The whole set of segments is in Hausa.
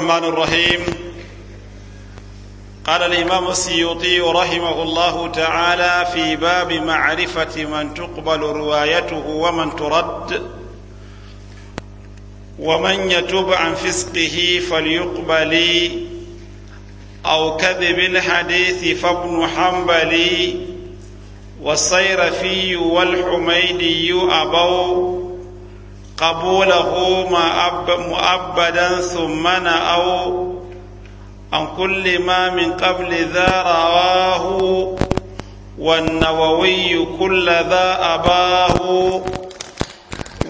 الرحمن الرحيم قال الإمام السيوطي رحمه الله تعالى في باب معرفة من تقبل روايته ومن ترد ومن يتوب عن فسقه فليقبل أو كذب الحديث فابن حنبلي والصيرفي والحميدي أبوا قبوله مؤبدا ثم أو عن كل ما من قبل ذا رواه والنووي كل ذا أباه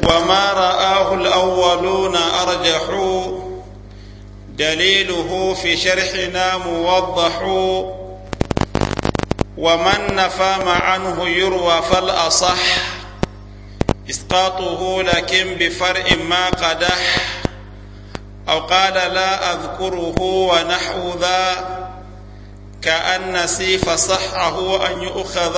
وما رآه الأولون أرجحوا دليله في شرحنا موضح ومن نفى عنه يروى فالأصح إسقاطه لكن بفرع ما قدح أو قال لا أذكره ونحو ذا كأن سيف صحه أن يؤخذ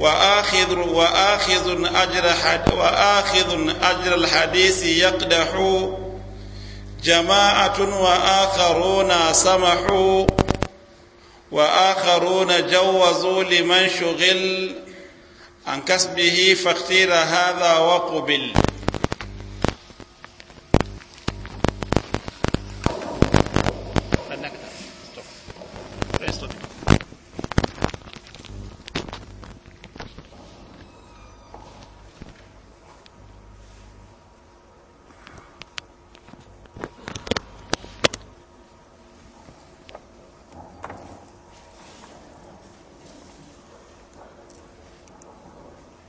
وآخذ وآخذ أجر وآخذ أجر الحديث يقدح جماعة وآخرون سمحوا وآخرون جوزوا لمن شغل عن كسبه فاختير هذا وقبل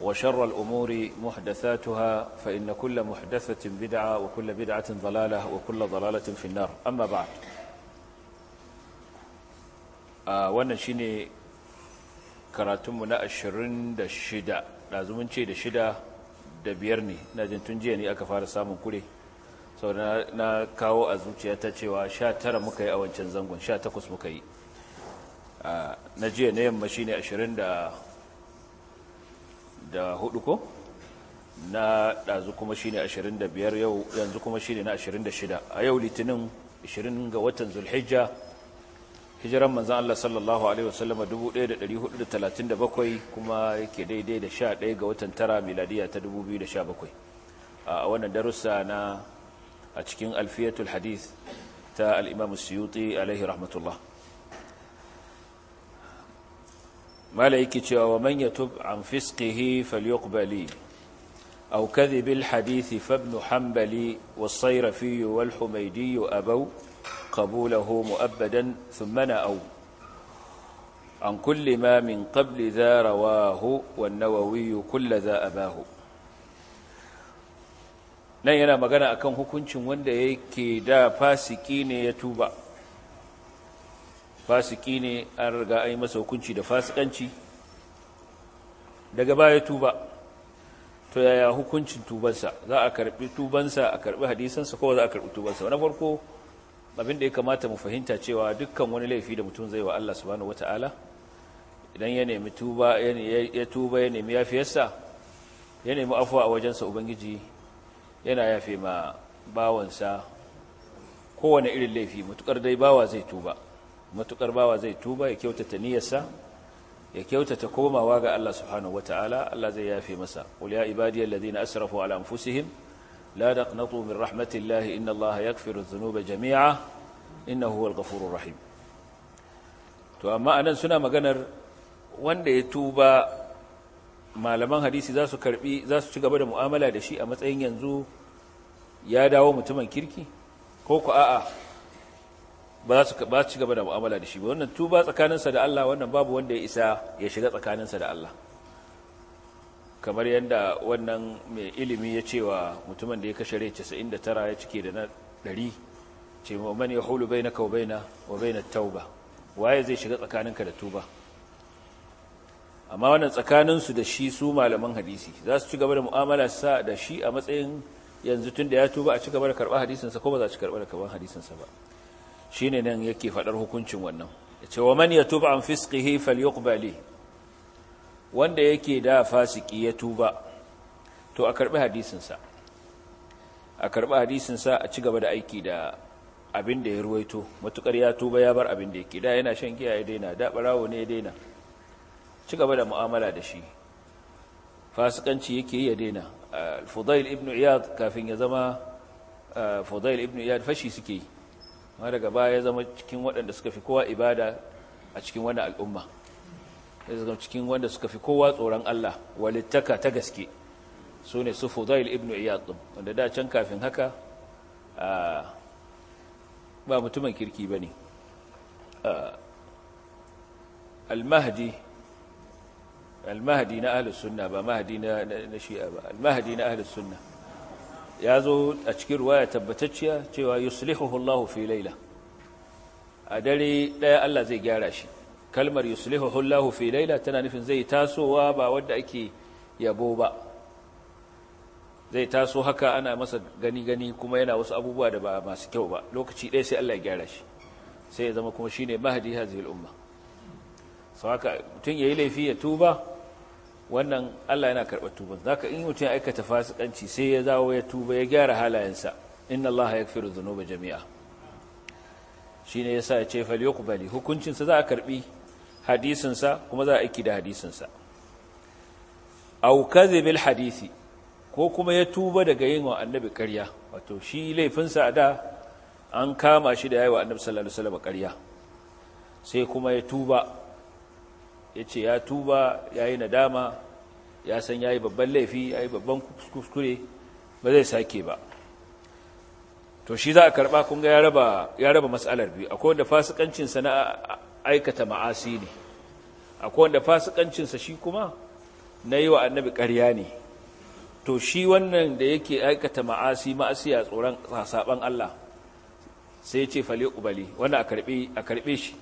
وشر الأمور محدثاتها فإن كل محدثة بدعة وكل بدعة ضلالة وكل ضلالة في النار أما بعد wannan shi ne karatunmu na ashirin da shida ɗazumin ce da shida da biyar ne na jin tun jiya ne aka fara samun kure sau na kawo a zuciya ta cewa sha tara muka yi a wancan zangon sha takwas muka yi ah, na jiya na yamma shi ne ashirin da da hudu ko na ɗazu kuma shi ne 25 yau yanzu kuma shi ne na 26 a yau litinin 20 ga watan zulhijja hijiran manzan Allah sallallahu Alaihi wasallama 1437 kuma yake daidai da 11 ga watan tara miladiya ta 2017 a wannan darussa na a cikin alfiyatul hadith ta al'imamu suyuti alaihi rahmatullah ملائكه تشا ومن يتب عن فسقه فليقبلي او كذب الحديث فابن حنبلي والصيرفي والحميدي ابو قبوله مؤبدا ثم او عن كل ما من قبل ذا رواه والنووي كل ذا اباه nan yana magana akan hukuncin wanda yake da fasiki ne يتوبا fasiki ne an riga an yi masa hukunci da fasikanci daga baya tuba to yaya hukuncin tubansa za a karbi tubansa a karbi hadisansa ko za a karbi tubansa wani farko abin da ya kamata mu fahimta cewa dukkan wani laifi da mutum zai wa Allah subhanahu wataala idan ya nemi tuba ya tuba ya nemi yafiyarsa ya nemi afuwa a wajensa ubangiji yana yafe ma bawansa kowane irin laifi mutukar dai bawa zai tuba matukar bawa zai tuba ya kyautata niyyarsa ya kyautata komawa ga Allah subhanahu wataala Allah zai yafe masa qul ya ibadiyal ladina asrafu ala anfusihim la taqnatu min rahmatillahi inna Allah yaghfiru dhunuba jami'a innahu huwal ghafurur rahim to amma anan suna maganar wanda ya tuba malaman hadisi za su karbi za su ci gaba da mu'amala da shi a matsayin yanzu ya dawo mutumin kirki ko ku a'a ba za su ba ci gaba da mu'amala da shi ba wannan tuba tsakaninsa da Allah wannan babu wanda ya isa ya shiga tsakaninsa da Allah kamar yadda wannan mai ilimi ya cewa mutumin da ya kashe rai tara ya cike da na ɗari ce mani ya hulu bainaka wa baina wa na tauba waye zai shiga tsakaninka da tuba amma wannan tsakaninsu da shi su malaman hadisi za su ci gaba da mu'amala sa da shi a matsayin yanzu tun da ya tuba a ci gaba da karɓar hadisinsa ko ba za a ci karɓar da karɓar hadisinsa ba shine nan yake fadar hukuncin wannan yace wa man yatub an fisqihi falyuqbali wanda yake da fasiki ya tuba to a karbi hadisin sa a karbi hadisin sa a ci gaba da aiki da abin da ya ruwaito matukar ya tuba ya bar abin da yake da yana shan giya ya daina da barawo ne ya daina ci gaba da mu'amala da shi fasikanci yake ya daina al-fudail ibn iyad kafin ya zama eh, fudail ibn iyad fashi suke yi amma daga baya ya zama cikin waɗanda suka fi kowa ibada a cikin wani al'umma ya zama cikin wanda suka fi kowa tsoron Allah walittaka ta gaske su ne su fudail ibn iyad wanda da can kafin haka ba mutumin kirki ba ne al-mahdi al-mahdi na ahlus ba mahdi na shi'a ba al-mahdi na ahlus ya zo a cikin ya tabbatacciya cewa yuslihuhu Allahu fi laila a dare daya Allah zai gyara shi kalmar yuslihuhu Allahu fi laila tana nufin zai tasowa ba wadda ake yabo ba zai taso haka ana masa gani gani kuma yana wasu abubuwa da ba masu kyau ba lokaci ɗaya sai Allah ya gyara shi sai ya zama kuma shine mahdi hazil umma sau haka mutum yi laifi ya tuba wannan Allah yana karɓar tuban zaka in mutum ya aikata fasikanci sai ya zawo ya tuba ya gyara halayensa inna Allah yaghfiru ba jami'a shine yasa ya ce ku hukuncin sa za a karɓi hadisin kuma za a aiki da hadisinsa sa aw bil hadisi ko kuma ya tuba daga yin wa annabi karya? wato shi laifin a da an kama shi da yayi wa annabi sallallahu alaihi wasallam sai kuma ya tuba ya ce ya tuba ya yi nadama ya san ya yi babban laifi ya yi babban kuskure ba zai sake ba to shi za a karɓa kunga ya raba matsalar biyu akwai wanda fasikancinsa na aikata ma'asi ne akwai wanda fasikancinsa shi kuma na yi wa annabi karya ne to shi wannan da yake aikata ma'asi ma'asi a tsoron sabon Allah sai ya ce fale ƙubali wanda a karɓe shi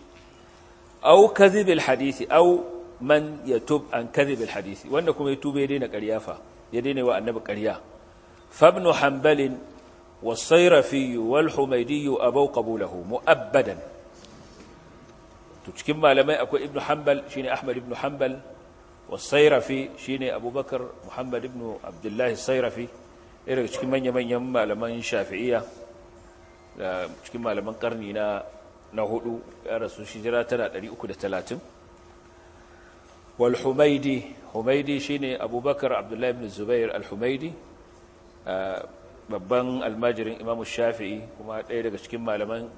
Au kadhibil hadith au man yatub an kadhibil hadith wanda kuma ya tube ya daina karya fa ya daina wa annabi karya fa ibn hanbal wa sayrafi wa al-humaydi abaw qabulahu mu'abbadan to cikin malamai akwai ibn hanbal shine ahmad ibn hanbal wa sayrafi shine abubakar muhammad ibn abdullah sayrafi irin cikin manyan manyan malaman shafi'iyya cikin malaman karni na na hudu ya rasu shijira tana 330 wal humaidi humaidi shine abubakar abdullahi ibn zubair al humaidi babban almajirin imam shafi'i kuma ɗaya daga cikin malaman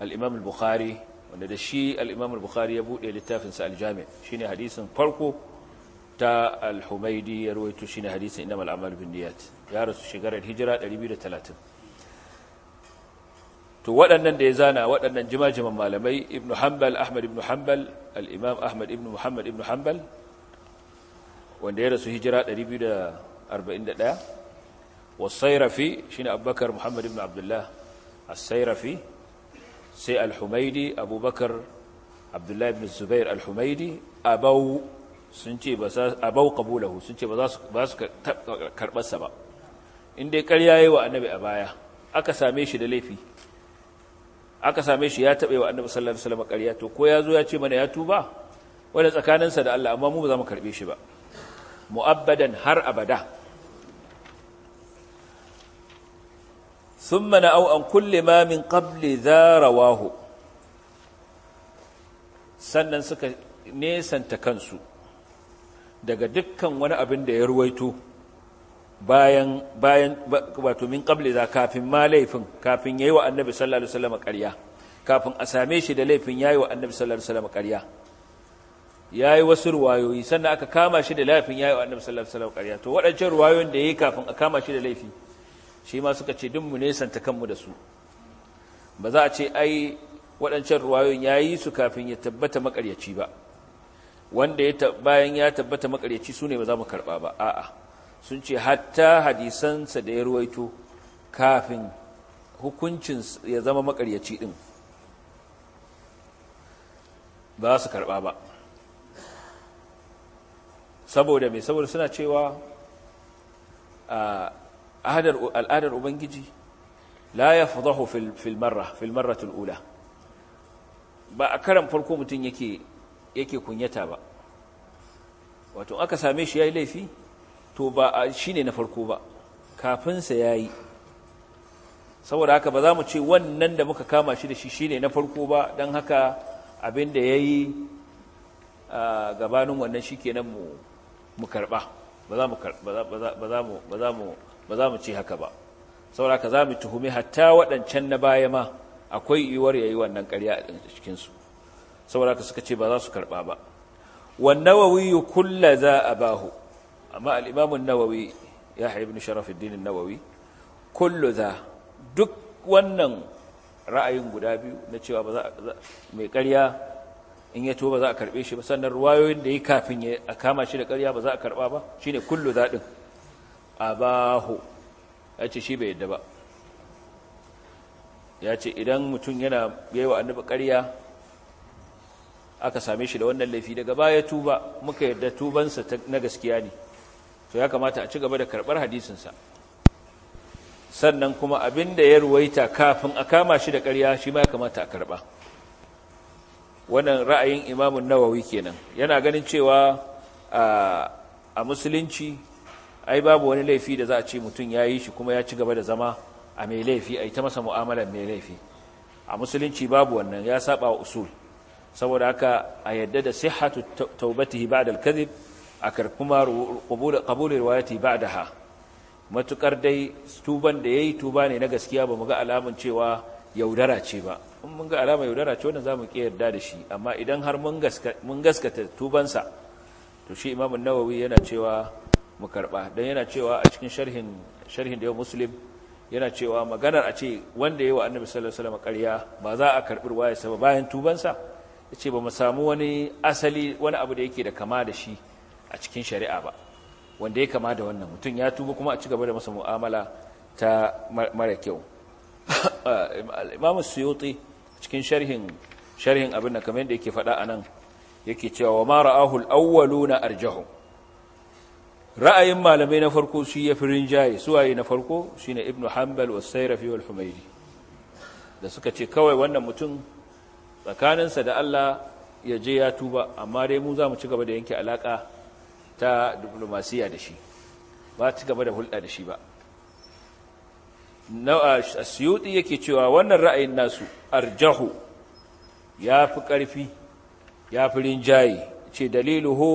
al-imam al-bukhari wanda da shi al-imam al-bukhari ya buɗe littafinsa al-jami shine hadisin farko ta al-humaidi ya rawaito shine hadisin inna al-amal bin niyyat ya rasu shekarar hijira 230 to waɗannan da ya zana waɗannan jimajiman malamai ibn hanbal ahmad ibn hanbal al-imam ahmad ibn muhammad ibn hanbal wanda ya rasu hijira 241 wasairafi ne abubakar muhammad ibn abdullah as-sairafi sai al-humaidi abubakar abdullah ibn zubair al-humaidi abau sun ce ba za abau sun ce ba su karɓarsa ba in dai ƙarya yi wa annabi a baya aka same shi da laifi aka same shi ya taɓe wa annabi sallallahu alaihi wasallam ƙarya to ko ya zo ya ce mana ya tuba wanda tsakaninsa da Allah amma mu ba za mu karɓe shi ba mu'abbadan har abada thumma na'u an kulli ma min qabli sannan suka nesanta kansu daga dukkan wani abin da ya ruwaito bayan bayan wato min qabli za kafin ma laifin kafin yayi wa annabi sallallahu alaihi wasallam ƙarya kafin a same shi da laifin yayi wa annabi sallallahu alaihi wasallam ƙarya yayi wasu ruwayoyi sannan aka kama shi da laifin yayi wa annabi sallallahu alaihi wasallam ƙarya to waɗancan ruwayoyin da yayi kafin a kama shi da laifi shi ma suka ce duk mu ne santa kanmu da su ba za a ce ai waɗancan ruwayoyin yayi su kafin ya tabbata maƙaryaci ba wanda ya bayan ya tabbata maƙaryaci su ne ba za mu karɓa ba a'a sun ce hatta hadisansa da ya ruwaito kafin hukuncin ya zama makaryaci din ba su karba ba saboda mai saboda suna cewa al'adar ubangiji la ya ba a karan farko mutum yake kunyata ba wato aka same shi ya yi laifi to ba shi ne na farko ba kafinsa ya yi saboda haka ba za mu ce wannan da muka kama shi da shi shi ne na farko ba don haka abin da ya yi a gabanin wannan shi kenan mu karɓa ba za mu ce haka ba saboda haka za mu tuhumi hatta waɗancan na baya ma akwai yiwuwar ya yi wannan karya a cikinsu saboda haka suka ce ba za su karɓa ba wawiyu kulla za a bahu amma al’imamu nawawi ya nawawi ya ibn sharafuddin nawawi kullu za duk wannan ra'ayin guda biyu na cewa ba za mai karya in ya to za a karbe shi ba sannan ruwayoyin da yi kafin ya kama shi da karya ba za a karɓa ba shine kullu za abaho ya yace shi bai yadda ba yace idan mutum yana yayi wa ƙarya aka same shi da wannan laifi daga baya tuba muka yadda tubansa na gaskiya ne to ya kamata a ci gaba da karɓar hadisinsa sannan kuma abin da ya ruwaita kafin a kama shi da karya, shi ma ya kamata a karɓa wannan ra'ayin imamun nawawi kenan yana ganin cewa a musulunci ai babu wani laifi da za a ce mutum ya yi shi kuma ya ci gaba da zama a mai laifi a yi ta masa mu'amalar mai laifi a musulunci babu wannan ya saba wa usul saboda haka a yadda da sihhatu taubatihi ba'dal kadhib a kuma qabulul riwayati ha matukar dai tuban da ya yi tuba ne na gaskiya ba mu ga alamun cewa yaudara ce ba in mun ga alamun yaudara ce wannan mu ki yarda da shi amma idan har mun gaskata tubansa to shi imamun nawawi yana cewa mu karba don yana cewa a cikin sharhin sharhin da yau Muslim yana cewa maganar a ce wanda yi wa Annabi sallallahu alaihi wasallam ƙarya ba za a karbi ruwaya sa bayan tubansa yace ba mu samu wani asali wani abu da yake da kama da shi a cikin shari'a ba wanda ya kama da wannan mutum ya tuba kuma a ci gaba da masa mu'amala ta mara kyau ah, imamu suyuti cikin sharhin sharhin abin da kamar yadda yake faɗa a nan yake cewa wa mara ahul awwalu na arjahu ra'ayin malamai na farko shi ya fi rinjaye suwaye na farko shi ne ibn hanbal wa sairafi wal humaidi da suka ce kawai wannan mutum tsakaninsa da allah ya je ya tuba amma dai mu za mu ci gaba da yanke alaƙa ta diplomasiya da shi ba ta gaba da hulɗa da shi ba suyuti yake cewa wannan ra'ayin nasu arjahu ya fi ƙarfi ya fi rinjaye ce ho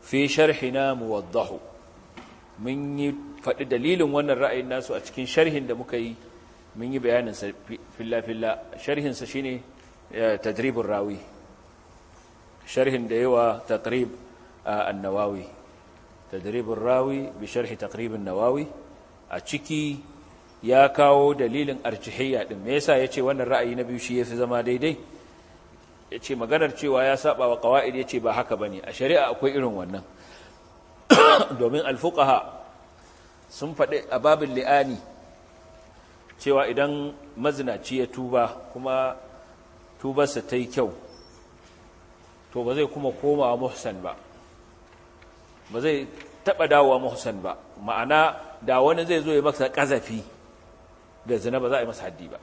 fi sharhina muwaddahu mun yi faɗi dalilin wannan ra'ayin nasu a cikin sharhin da muka yi mun yi bayaninsa filla-filla sharhinsa shine eh, tadribin rawi sharhin da yawa tatrib النواوي تدريب rawi بشرح تقريب النواوي nawawi a ciki ya kawo dalilin arjihiyya din me yasa yace wannan ra'ayi na biyu shi yafi zama daidai yace maganar cewa ya saba wa qawaid yace ba haka bane a shari'a akwai irin wannan domin alfuqaha sun faɗi a babin li'ani cewa idan mazinaci ya tuba kuma tubarsa ta yi kyau to ba zai kuma komawa muhsan ba ba zai taɓa dawowa muhsan ba ma'ana da wani zai zo ya masa ƙazafi da zina ba za a yi masa haddi ba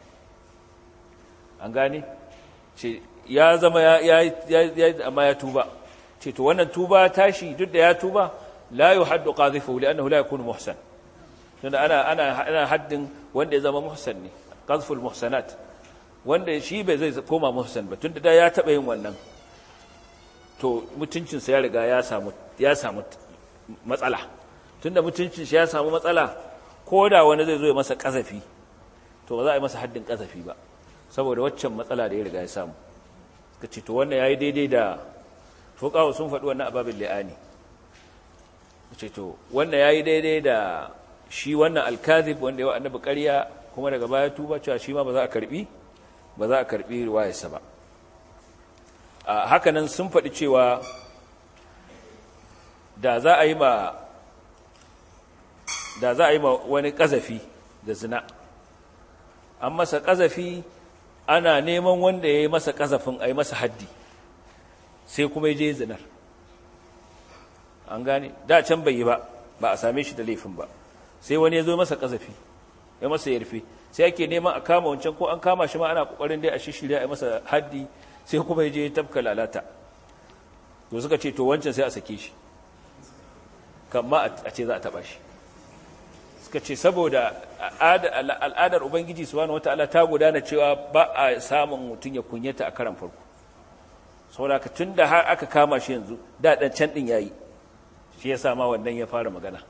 an gane ce ya zama ya amma ya tuba ce to wannan tuba tashi duk da ya tuba la yi haddu ƙazifu li'annahu la yakunu muhsan tunda ana ana haddin wanda ya zama muhsan ne qazful muhsanat wanda shi bai zai koma muhsan ba tunda da ya taɓa yin wannan to mutuncinsa ya riga ya samu ya samu matsala tunda mutuncin shi ya samu matsala ko da wani zai zo ya masa kazafi to ba za a yi masa haddin kazafi ba saboda waccan matsala da ya riga ya samu ka ce to wannan yi daidai da fuqahu sun faɗi wannan ababin ka ce to wannan yi daidai da shi wannan alkazib wanda yawa annabi ƙarya kuma daga baya tuba cewa shi ma ba za a karbi ba za a karbi riwayarsa ba haka nan sun faɗi cewa da za a yi ma da za a yi ma wani ƙazafi da zina an masa ƙazafi ana neman wanda ya yi masa ƙazafin a yi masa haddi sai kuma je zinar an gane da can bai yi ba ba a same shi da laifin ba sai wani ya zo masa ƙazafi ya masa yarfe sai ake neman a kama wancan ko an kama shi ma ana ƙoƙarin dai a shishirya a yi masa haddi sai kuma ya je tafka lalata to suka ce to wancan sai a sake shi kamma a ce za a taɓa shi suka ce saboda al'adar ubangiji su wani wata ta gudana cewa ba a samun mutum ya kunyata a karan farko sauraka tun da har aka kama shi yanzu da dan can ya yayi shi ya ma wannan ya fara magana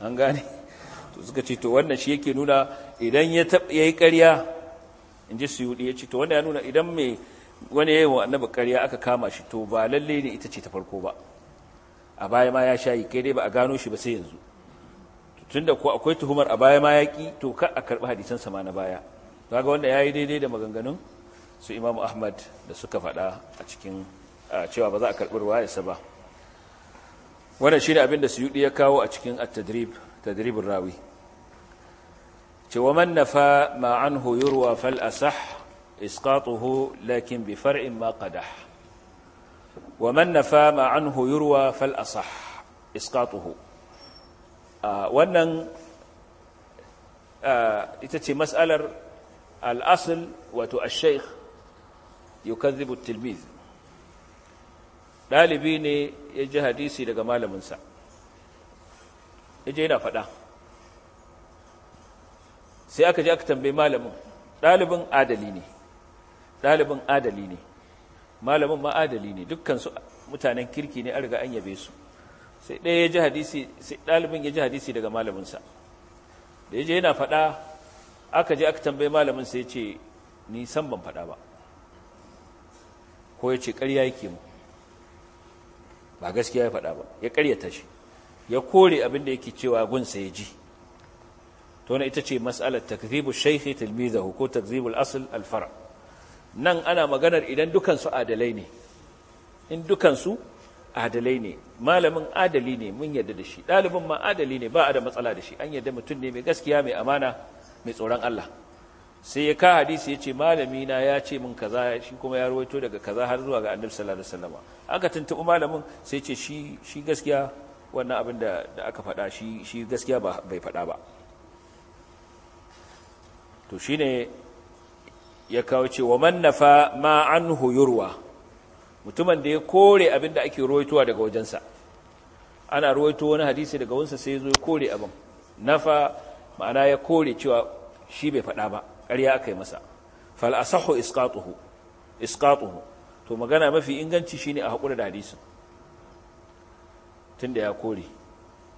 an gane to suka ce to wannan shi yake nuna idan ya yayi ƙarya in ji suyudi ya ce to wannan ya nuna idan mai wani yayin wa annabi ƙarya aka kama shi to ba lalle ne ita ce ta farko ba a baya ma ya shayi kai dai ba a gano shi ba sai yanzu tunda ko akwai tuhumar a baya ma ya ki to ka a karɓi hadisan sama na baya kaga wanda yayi daidai da maganganun su Imam Ahmad da suka faɗa a cikin cewa ba za a karɓi ruwayarsa ba wannan shine abin da Suyudi ya kawo a cikin at-tadrib rawi ce wa man nafa ma anhu fal asah isqatuhu lakin bi far'in ma qadah wa man nafa hoyurwa anhu yurwa fal asah isqatuhu wannan ita ce mas'alar al-asl wato ash-shaykh yukadhibu at-tilmiz dalibi ne ya ji hadisi daga malaminsa yaje yana faɗa sai aka je aka malamin ɗalibin adali ne malamin ma'adali ne dukkan mutanen kirki ne an riga an yabe su sai ɗaya ya ji hadisi sai ɗalibin ya ji hadisi daga malaminsa da ya je yana faɗa aka je aka tambaye malamin sai ya ce ni san ban faɗa ba ko ya ce ƙarya yake mu ba gaskiya ya faɗa ba ya ƙaryata shi ya kore abin da yake cewa gunsa ya ji to ita ce mas'alar takzibu shaykhi talmizahu ko takzibu al-asl al-fara' nan ana maganar idan dukansu adalai ne in dukansu adalai ne malamin adali ne mun yarda da shi ɗalibin ma adali ne ba a da matsala da shi an yarda mutum ne mai gaskiya mai amana mai tsoron Allah sai ya ka hadisi ya ce malami na ya ce min kaza shi kuma ya rawaito daga kaza har zuwa ga annabi sallallahu alaihi wasallam aka tuntubi malamin sai ce shi shi gaskiya wannan abin da aka faɗa shi shi gaskiya bai faɗa ba to shine ya kawo ce wa mannafa ma an huyurwa mutumin da ya kore abin da ake ruwaitowa daga wajensa ana ruwaito wani hadisi daga wansa sai zo ya kore abin nafa ma'ana ya kore cewa shi bai faɗa ba ƙarya aka yi masa fal asahu isqatuhu isqatuhu to magana mafi inganci shine a hakura da hadisin tunda ya kore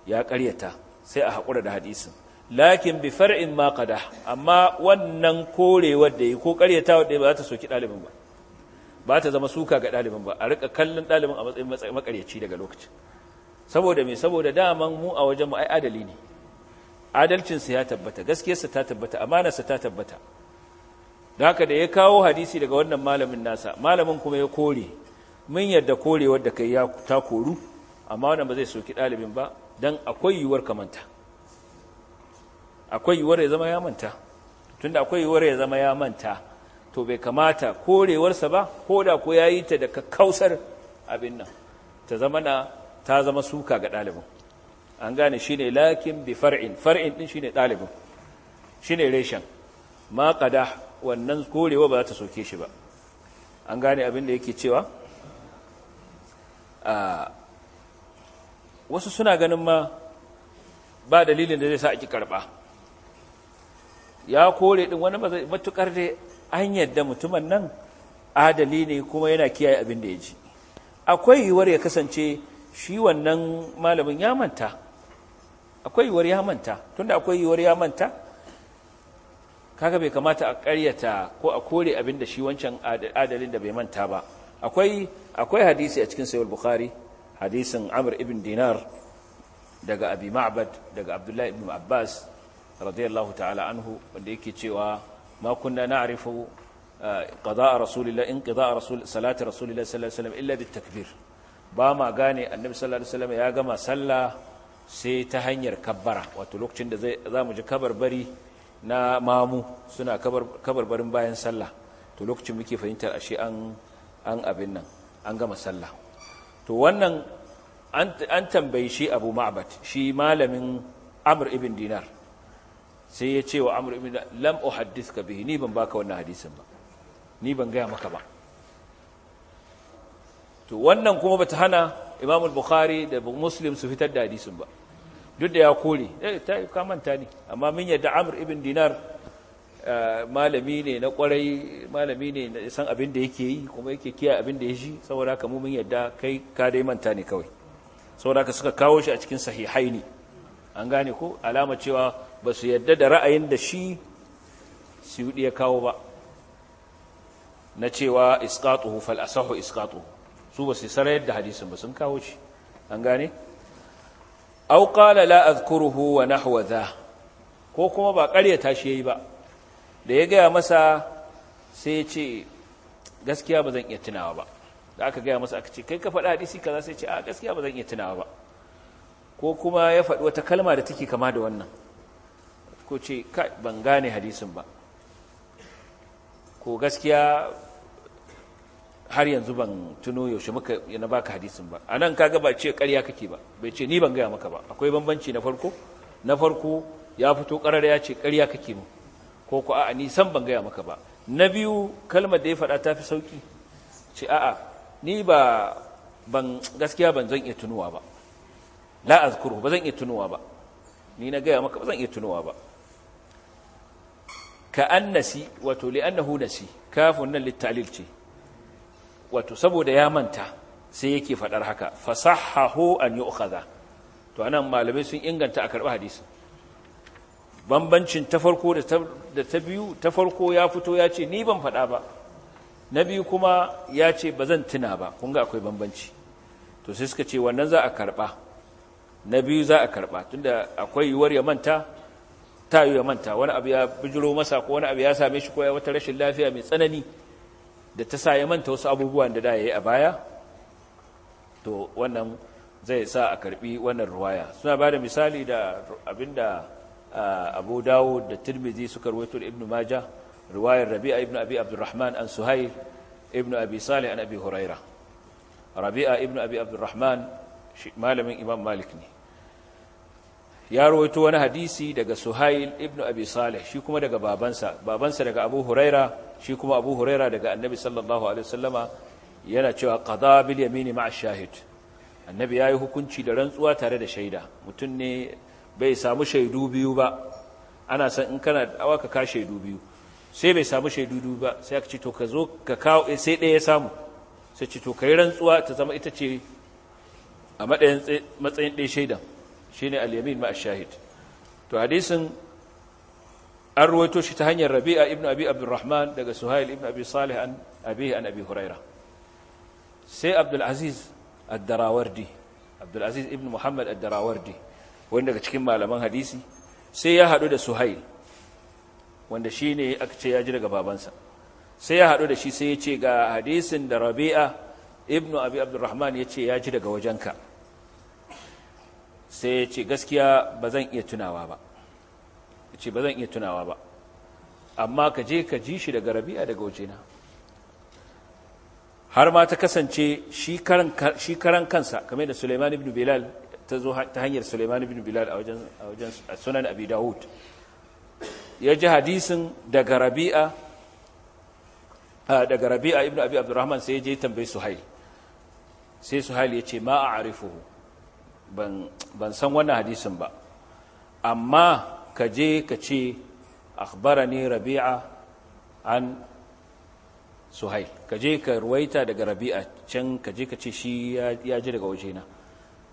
ya ƙaryata sai a hakura da hadisin lakin bi far'in ma qada amma wannan korewar da yi ko karyatawa da ba za ta soki dalibin ba ba ta zama suka ga dalibin ba a rika kallon dalibin a matsayin makaryaci daga lokaci. saboda me saboda daman mu a wajen mu ai adali ne adalcin sa ya tabbata gaskiyar sa ta tabbata amana sa ta tabbata da haka da ya kawo hadisi daga wannan malamin nasa malamin kuma ya kore mun yadda korewar da kai ya ta koru amma wannan ba zai soki dalibin ba dan akwai yiwuwar kamanta akwai yiwuwar ya zama ya manta tunda akwai yiwuwar ya zama ya manta to bai kamata korewarsa ba ko da ko ya yi ta da kakkausar abin nan ta zama na ta zama suka ga ɗalibin an gane shi ne lakin bi far'in far'in ɗin shi ne ɗalibin shi ne reshen ma ƙada wannan korewa ba za ta soke shi ba an gane abin da yake cewa wasu suna ganin ma ba dalilin da zai sa ake karɓa ya kore din wani matukar da an yadda mutumin nan adali ne kuma yana kiyaye abin da ya ji akwai yiwuwar ya kasance shi wannan malamin ya manta akwai yiwuwar ya manta tunda akwai yiwuwar ya manta kaga bai kamata a ƙaryata ko a kore abin da shi wancan adalin da bai manta ba akwai akwai hadisi a cikin Sayyid bukhari hadisin amr ibn dinar daga abi ma'bad daga abdullahi ibn abbas radiyallahu ta'ala anhu wanda yake cewa ma kunna na'rifu eh, qada'a rasulillahi rasul salati rasulillahi sallallahu alaihi wasallam illa bitakbir ba ma gane annabi sallallahu alaihi wasallam ya gama sallah sai ta hanyar kabbara wato lokacin da za mu ji kabarbari na mamu suna kabarbarin bayan sallah to lokacin muke fahimtar ashe an an abin nan an gama sallah to wannan an tambayi shi abu ma'abat shi malamin amr ibn dinar sai ya ce wa amr ibn lam ka bihi ni ban baka wannan hadisin ba ni ban gaya maka ba to wannan kuma ba ta hana Imamul bukhari da muslim su fitar da hadisin ba duk da ya kore eh ta ka manta ne amma min yadda amr ibn dinar eh, malami ne na kwarai malami ne na san abin da yake yi kuma yake kiya abin da ya shi saboda haka mu min yadda kai ka dai manta ne kawai saboda haka suka kawo shi a cikin ne an gane ko alama cewa ba su yadda da ra'ayin da shi siyudi ya kawo ba na cewa isqatuhu fal asahu isqatuhu su ba su sarayar da hadisin ba sun kawo shi an gane aw qala la azkuruhu wa nahwa dha ko kuma ba ƙaryata shi yayi ba da ya gaya masa sai ya ce gaskiya ba zan iya tunawa ba da aka gaya masa aka ce kai ka faɗi hadisi kaza sai ya ce a gaskiya ba zan iya tunawa ba ko kuma ya faɗi wata kalma da take kama da wannan ko ce ban gane hadisin ba ko gaskiya har yanzu ban tuno yaushe muka na baka hadisin ba anan kaga ba ce ƙarya kake ba bai ce ni ban gaya maka ba akwai bambanci na farko na farko ya fito ƙarar ya ce ƙarya kake mu ko ko a'a ni san ban gaya maka ba na biyu kalmar da ya faɗa ta fi sauƙi ce a'a ni ba ban gaskiya ban zan iya tunuwa ba la azkuru ba zan iya tunuwa ba ni na gaya maka ba zan iya tunuwa ba ka annasi wato li'annahu nasi kafin nan littalil ce wato saboda ya manta sai yake faɗar haka fasahaho an yi ukaza to anan malamai sun inganta a karɓi hadisi bambancin ta farko da ta biyu ta farko ya fito ya ce ni ban faɗa ba na biyu kuma ya ce ba zan tuna ba kun ga akwai bambanci to sai suka ce wannan za a karɓa na biyu za a karɓa tunda akwai yiwuwar ya manta ta yi manta wani abu ya bijiro masa ko wani abu ya same shi ko ya wata rashin lafiya mai tsanani da ta sa ya manta wasu abubuwan da da ya yi a baya to wannan zai sa a karbi wannan ruwaya suna ba da misali da abinda abu dawo da tirmidhi suka rawaito da ibnu majah ruwayar rabi'a ibnu abi abdurrahman an suhail ibnu abi salih an abi huraira rabi'a ibnu abi abdurrahman malamin imam malik ne ya rawaito wani hadisi daga suhail ibn abi salih shi kuma daga babansa babansa daga abu huraira shi kuma abu huraira daga annabi sallallahu alaihi wasallama yana cewa qada bil yamini ma'a shahid annabi yayi hukunci da rantsuwa tare da shaida mutum ne bai samu shaidu biyu ba ana san in kana awa ka ka shaidu biyu sai bai samu shaidu biyu ba sai ka ce to ka zo ka kawo eh, sai ɗaya ya samu sai ce to kai rantsuwa ta zama ita ce a matsayin ɗaya shaidan shine al-yamin ma ash-shahid to hadisin an ruwaito shi ta hanyar rabi'a ibn abi abdurrahman daga suhail ibn abi salih an abi an abi huraira sai abdul aziz ad-darawardi abdul aziz ibn muhammad ad-darawardi wanda daga cikin malaman hadisi sai ya hadu da suhail wanda shi ne aka ce ya ji daga babansa sai ya hadu da shi sai ya ce ga hadisin da rabi'a ibn abi abdurrahman ya ce ya ji daga wajenka sai ya ce gaskiya ba zan iya tunawa ba ya ce ba zan iya tunawa ba amma ka je ka ji shi daga rabi'a daga wajena har ma ta kasance shi karan kansa kame da suleiman ibn bilal ta zo ta hanyar suleiman ibn bilal a wajen sunan abi dawud ya ji hadisin daga rabi'a daga rabi'a ibn abi abdurrahman sai ya je tambayi suhail sai suhail ya ce ma a arifuhu ban san wannan hadisin ba amma ka je ka ce akhbarani rabi'a an suhail ka je ka ruwaita daga rabi'a can ka je ka ce shi ya ji daga wajena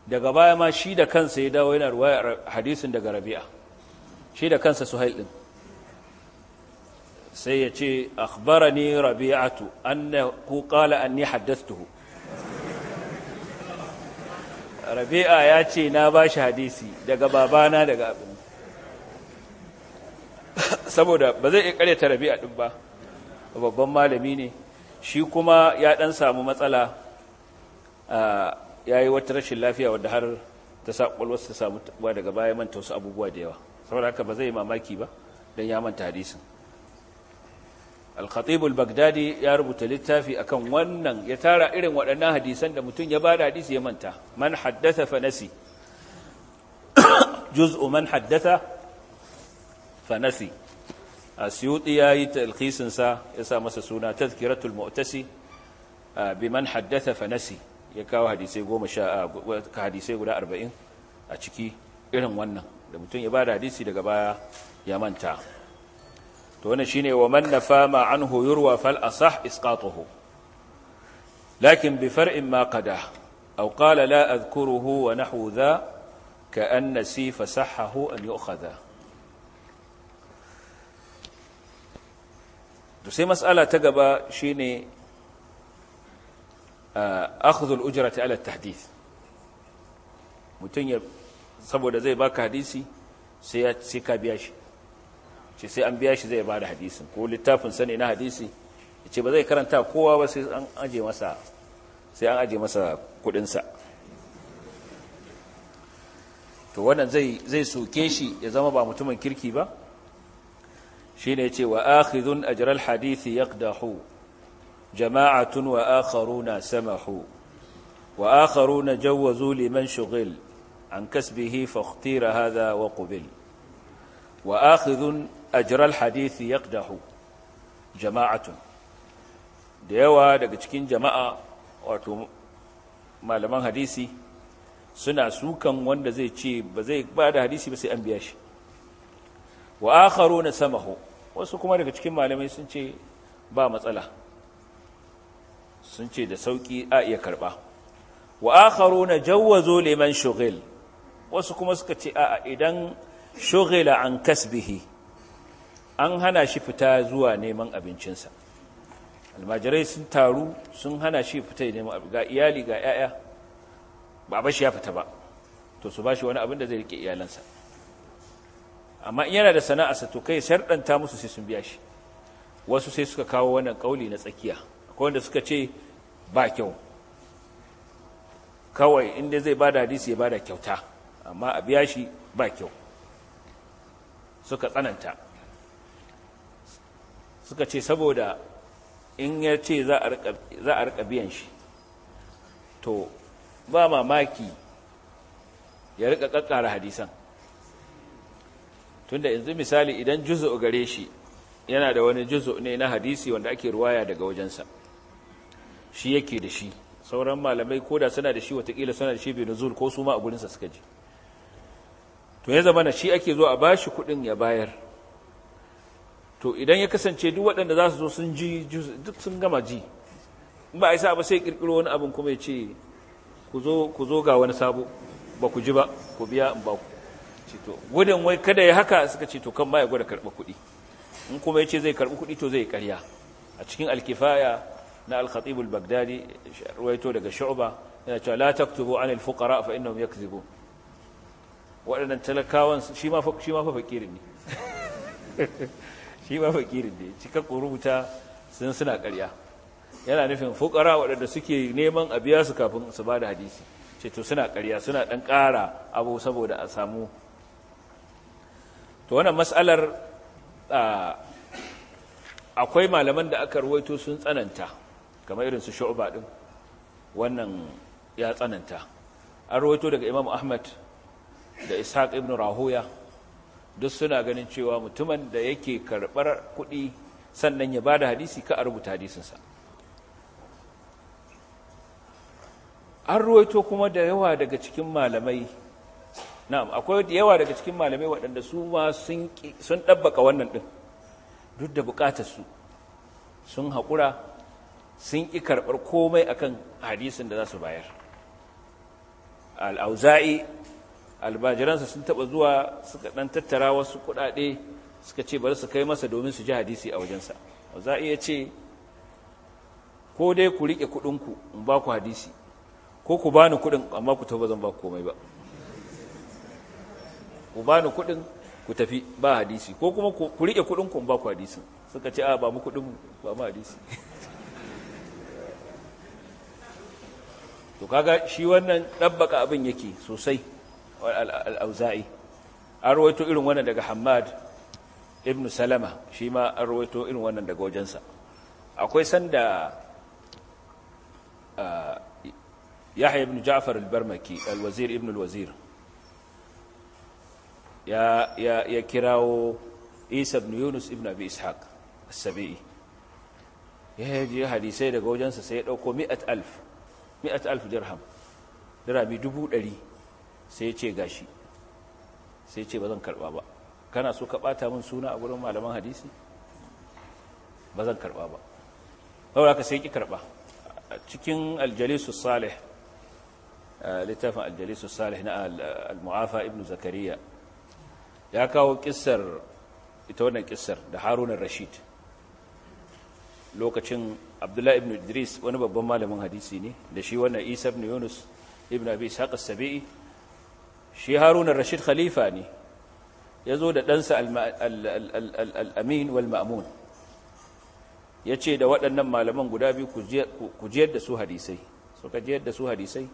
daga baya ma shi da kansa ya dawo yana ruwaya hadisin daga rabi'a shi da kansa suhail din sai ya ce ne rabi'atu annahu qala anni haddathtuhu rabi'a ya ce na ba shi hadisi daga babana daga abin saboda ba zai iya ta rabi'a ɗin ba babban malami ne shi kuma ya dan samu matsala ya yi wata rashin lafiya wadda har ta wasu ta samu daga baya manta wasu abubuwa da yawa saboda haka ba zai mamaki ba don ya manta hadisin al-khatib al ya rubuta littafi akan wannan ya tara irin waɗannan hadisan da mutum ya bada hadisi ya manta man haddatha fa nasi juz'u man haddatha fa nasi asyuti yayi talqisin sa ya sa masa suna tazkiratul mu'tasi biman haddatha fa nasi ya kawo hadisai 10 hadisai guda 40 a ciki irin wannan da mutum ya bada hadisi daga baya ya manta to wannan shine wa man nafa anhu yurwa fal asah isqatuhu lakin bi far'in ma qada aw qala la adhkuruhu wa nahwu dha ka anna si fasahahu an yu'khadha to sai mas'ala ta gaba shine ah, akhdhu al-ujrati ala at-tahdith mutun ya saboda zai baka hadisi sai sai ka biya shi ce sai an biya shi zai ba da hadisin ko littafin sani na hadisi ya ce ba zai karanta kowa ba sai an aje masa sai kudinsa to wannan zai zai soke shi ya zama ba mutumin kirki ba shine yace wa akhidun ajral hadithi yaqdahu jama'atun wa akharuna samahu wa akharuna jawazu liman shugil an kasbihi fa ikhtira hadha wa qubil wa akhidhun ajral hadithi yaqdahu jama'atun da yawa daga cikin jama'a wato malaman hadisi suna sukan wanda zai ce ba zai bada hadisi ba sai an biya shi wa akharuna samahu wasu kuma daga cikin malamai sun ce ba matsala sun ce da sauki a iya karba wa akharuna jawwazu liman shughil wasu kuma suka ce a idan shugila an kasbihi an hana shi fita zuwa neman abincinsa almajirai sun taru sun hana shi fita neman abin ga iyali ga 'ya'ya ba ba shi ya fita ba to su ba shi wani abin da zai rike iyalansa amma in yana da sana'arsa to kai sardanta musu sai sun biya shi wasu sai suka kawo wannan kauli na tsakiya akwai wanda suka ce ba kyau kawai inda zai bada hadisi ya bada kyauta amma a biya shi ba kyau suka tsananta suka ce saboda in ya ce za a rika biyan shi to ba mamaki ya rika kakkara hadisan tunda yanzu misali idan juzo gare shi yana da wani juzo ne na hadisi wanda ake ruwaya daga wajensa shi yake da shi sauran malamai ko da suna da shi watakila suna da shi bai nuzul ko su ma a gurinsa suka je. to ya zama na shi ake zo a bashi kuɗin ya bayar to idan ya kasance duk waɗanda za su zo sun ji duk sun gama ji ba a isa ba sai ƙirƙiro wani abin kuma ya ce ku zo ga wani sabo ba ku ji ba ku biya in ba ku to gudun wai kada ya haka suka ce to kan ba ya gwada karɓa kuɗi in kuma ya ce zai karɓi kuɗi to zai karya a cikin alkifaya na alkhatibul bagdadi ruwaito daga shu'ba yana cewa la taktubu anil fuqara fa innahum yakzibun waɗannan talakawan shi ma ma fakirin ne shi ma fakirin ne cika rubuta sun suna ƙarya yana nufin fukara waɗanda suke neman a biya su kafin su bada hadisi ce to suna ƙarya suna ɗan ƙara abu saboda a samu to wannan matsalar akwai malaman da aka ruwaito sun tsananta kamar irin su shu'ba ɗin wannan ya tsananta an ruwaito daga imam ahmad da ishaq ibn rahoya duk suna ganin cewa mutumin da yake karɓar kuɗi sannan ya ba da hadisi ka a rubuta hadisinsa an ruwaito kuma da yawa daga cikin malamai na'am akwai yawa daga cikin malamai waɗanda su ma sun ɗabbaka wannan ɗin duk da buƙatar su sun haƙura sun ƙi karɓar komai akan hadisin da za su bayar al'auza'i albajiransa sun taɓa zuwa suka ɗan tattara wasu kuɗaɗe suka ce bari su kai masa domin su ji hadisi a wajensa za a iya ce ko dai ku riƙe ku in ba ku hadisi ko ku bani kuɗin amma ku tafi zan ba ku komai ba ku bani kuɗin ku tafi ba hadisi ko kuma ku riƙe ku in ba ku hadisi suka ce a ba mu kudin ba mu hadisi to kaga shi wannan dabbaka abin yake sosai al-auza'i an rawaito irin wannan daga hamad ibn salama shi ma an rawaito irin wannan daga wajensa akwai sanda yahya ibn ja'far al-barmaki al-wazir ibn al-wazir ya kirawo isa ibn yunus ibn abi ishaq as-sabi'i ya ji hadisai daga wajensa sai ya dauko 100000 100000 dirham dirami 100 sai ce gashi sai ce ba zan karba ba kana so ka bata min suna a gurin malaman hadisi ba zan karba ba saboda ka sai ki karba cikin aljalisu salih littafin aljalisu salih na Almu'afa ibn zakariya ya kawo kissar ita wannan kissar da harunan rashid lokacin abdullahi ibn idris wani babban malamin hadisi ne da shi wannan Isar ibn yunus ibn abi ishaq as-sabi'i shi haruna rashid khalifa ne ya zo da ɗansa al'amin wal-ma'amun ya ce da waɗannan malaman guda biyu ku jiyar da su hadisai ka jiyar da su hadisai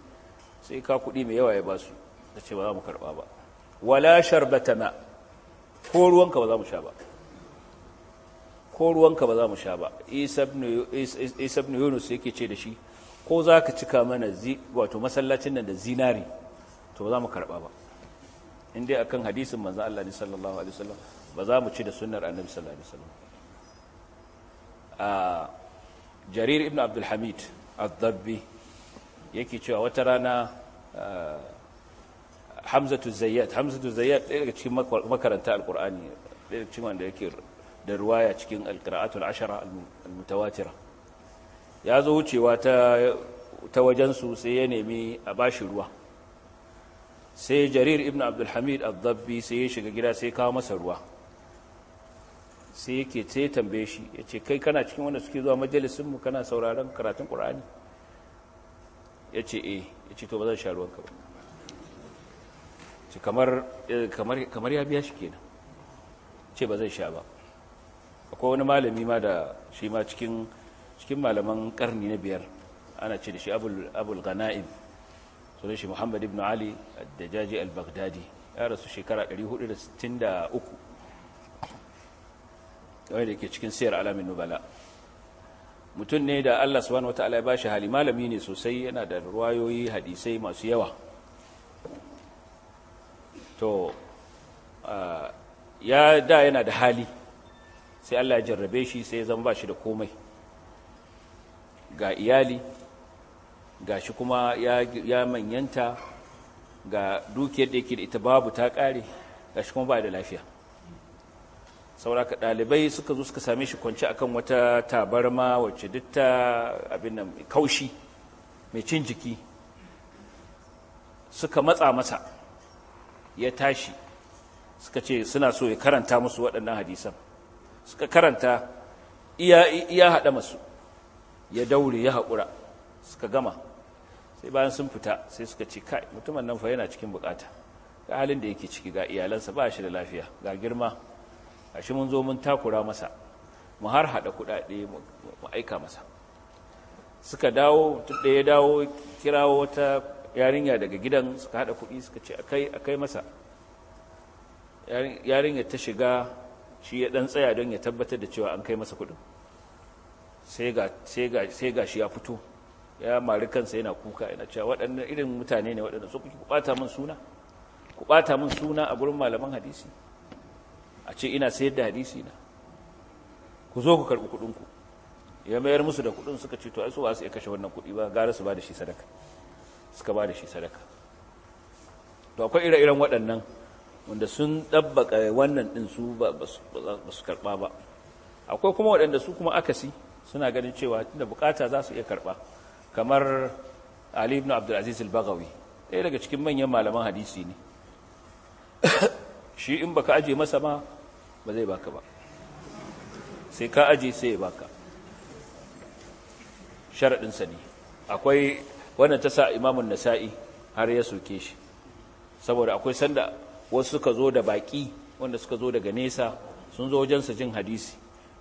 sai ka kuɗi mai yawa ya ba su da ce ba za mu karɓa ba wala sharbatana ko ruwanka ba za mu sha ba ko ruwanka ba za mu sha ba isa ibn yunus yake ce da shi ko za ka cika mana wato masallacin nan da zinari to ba za mu karɓa ba in dai akan hadisin manzo Allah ne sallallahu alaihi wasallam ba za mu ci da sunnar annabi sallallahu alaihi wasallam a jarir ibn Abdulhamid hamid dabbi yake cewa wata rana hamzatu zayyad hamzatu zayyad ɗaya daga cikin makaranta alqur'ani ɗaya daga cikin wanda yake da ruwaya cikin alqira'atul ashara mutawatira ya zo wucewa ta ta wajensu sai ya nemi a bashi ruwa sai jarir ibn abdulhamid al-dabbi sai ya shiga gida sai kawo masa ruwa sai yake sai tambaye shi ya ce kai kana cikin wanda suke zuwa majalisunmu kana sauraron karatun ƙur'ani ya ce eh ya ce to ba zan sha ruwanka ba eh, kamar ya biya shi ke kenan ce ba zai sha ba akwai wani malami ma da shi ma cikin malaman karni na biyar ana ce da shi abul ghana'im sunan shi muhammad ibn ali da jaji al-baghdadi ya rasu shekara 463 wanda ke cikin siyar alamin nubala mutum ne da Allah subhanahu wata'ala ba shi hali malami ne sosai yana da ruwayoyi hadisai masu yawa to ya da yana da hali sai Allah ya jarrabe shi sai ya zama shi da komai ga iyali gashi kuma ya manyanta ga dukiyar da yake da ita babu ta kare gashi kuma ba da lafiya sauraka ɗalibai suka zo suka same shi kwanci akan wata tabarma wacce duk ta abin nan kaushi mai cin jiki suka matsa masa ya tashi suka ce suna so ya karanta musu waɗannan hadisan suka karanta iya haɗa masu ya daure ya haƙura suka gama sai bayan sun fita sai suka ce kai mutumin nan fa yana cikin bukata ga halin da yake ciki ga iyalansa ba shi da lafiya ga girma shi mun zo mun takura masa mu har hada kudade mu aika masa suka dawo da ya dawo kirawo wata yarinya daga gidan suka hada kudi suka ce akai akai masa yarinya ta shiga shi ya dan tsaya don ya tabbatar da cewa an kai masa kudin sai ga sai ga shi ya fito ya mari kansa yana kuka yana cewa waɗannan irin mutane ne waɗanda su kuke kubata min suna kubata min suna a gurin malaman hadisi a ce ina sayar da hadisi na ku zo ku karɓi kuɗinku ya mayar musu da kuɗin suka ce to ai su ba su iya kashe wannan kuɗi ba gara su ba da shi sadaka suka ba da shi sadaka to akwai ire-iren waɗannan wanda sun ɗabbaƙa wannan ɗin su ba su karɓa ba akwai kuma waɗanda su kuma akasi suna ganin cewa da bukata za su iya karɓa kamar ali ibn Aziz al-baghawi ɗaya daga cikin manyan malaman hadisi ne shi in baka aje masa ma ba zai baka ba sai ka aje sai ya baka sharadin sa akwai wannan ta sa imamun nasa'i har ya soke shi saboda akwai sanda wasu suka zo da baki wanda suka zo daga nesa sun zo wajensa jin hadisi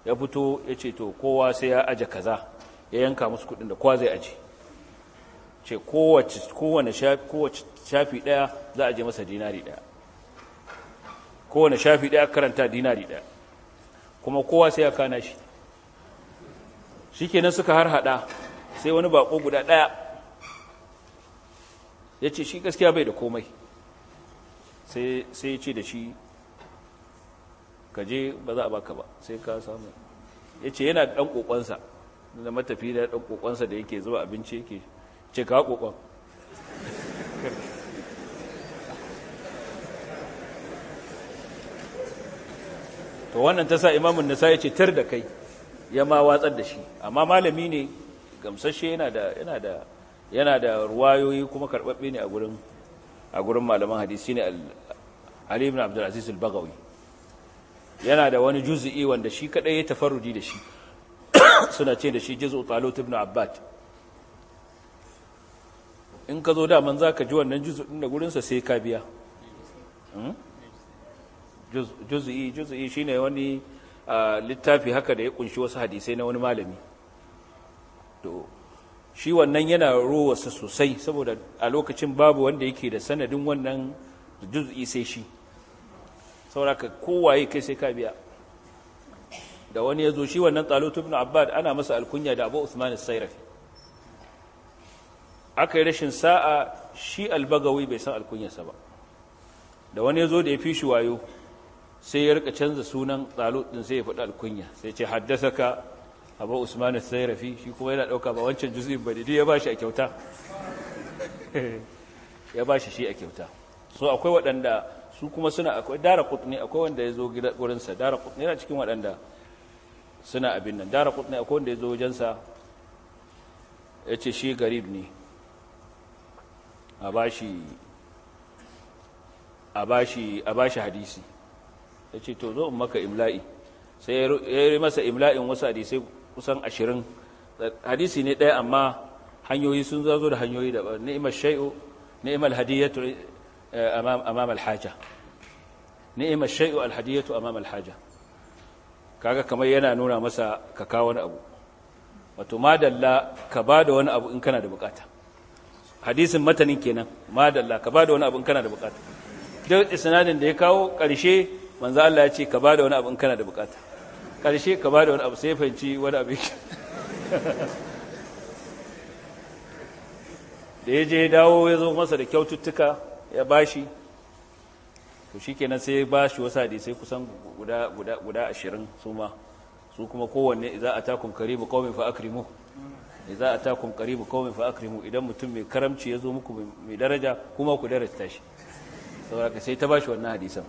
ya fito ya ce to kowa sai ya aje kaza ya yanka musu kudin da kowa zai aje ce kowane shafi ɗaya za a je masa dinari ɗaya kowane shafi ɗaya karanta dinari ɗaya kuma kowa sai ya kana shi shi kenan suka har haɗa sai wani baƙo guda ɗaya ya ce shi gaskiya bai da komai sai ya ce da shi kaje ba za a baka ba sai ka samu ya ce yana ɗan ƙoƙonsa da matafi da ɗan ƙoƙonsa da yake zuwa abinci yake ce ka kokon to wannan ta sa imamun nasa ya ce tar da kai ya ma watsar da shi amma malami ne gamsashe yana da ruwayoyi kuma karɓaɓɓe ne a gurin malaman hadisi ne Ali Abdul Aziz al yana da wani juzi'i wanda shi kaɗai ya tafarruji da shi suna ce da shi juz'u talotu ibn Abbad in ka zo daman za ka ji wannan juzu'in da gurinsa sai ka biya hmm? juzu'i juzu'i shi ne wani littafi haka da ya kunshi wasu hadisai na wani malami to shi wannan yana rowarsa sosai saboda a lokacin babu wanda yake da sanadin wannan juz'i sai shi sauraka kowaye kai sai ka biya da wani ya zo shi wannan talut ibn abbad ana masa alkunya da abu usman sairafi aka yi rashin sa'a shi albagawi bai san alkunyarsa ba da wani ya zo da ya fi shi wayo sai ya rika canza sunan tsalo din sai ya faɗi alkunya sai ce haddasa ka abu usman rafi shi kuma yana ɗauka ba wancan juzi ba ya ba shi a kyauta ya ba shi shi a kyauta so akwai waɗanda su kuma suna akwai dara kutni akwai wanda ya zo gurinsa dara kutni yana cikin waɗanda suna abin nan dara kutni akwai wanda ya zo wajensa ya ce shi garib ne a ba shi hadisi ya ce to zo in maka imla'i sai ya yi masa imla'in wasu hadisai kusan ashirin hadisi ne ɗaya amma hanyoyi sun zazo da hanyoyi da ni'imar shai'u ni'imar hadiyyatu eh, amam alhaja ni'imar shai'u alhadiyyatu amam alhaja kaga kamar yana nuna masa ka kawo wani abu wato madalla ka ba da wani abu in kana da bukata hadisin matanin kenan madalla ka bada wani abin kana da bukata duk isnadin da ya kawo karshe manzo Allah ya ce ka bada wani abin kana da bukata karshe ka bada wani abu sai fanci wani abu da ya je dawo ya zo masa da kyaututtuka ya bashi to shikenan sai ya bashi wasu sai kusan guda guda guda 20 su ma su kuma kowanne za a takun karibu qawmin fa akrimu za idza atakum karibu qaumin fa akrimu idan mutum mai karamci yazo muku mai daraja kuma ku darasta shi saboda sai ta bashi wannan hadisan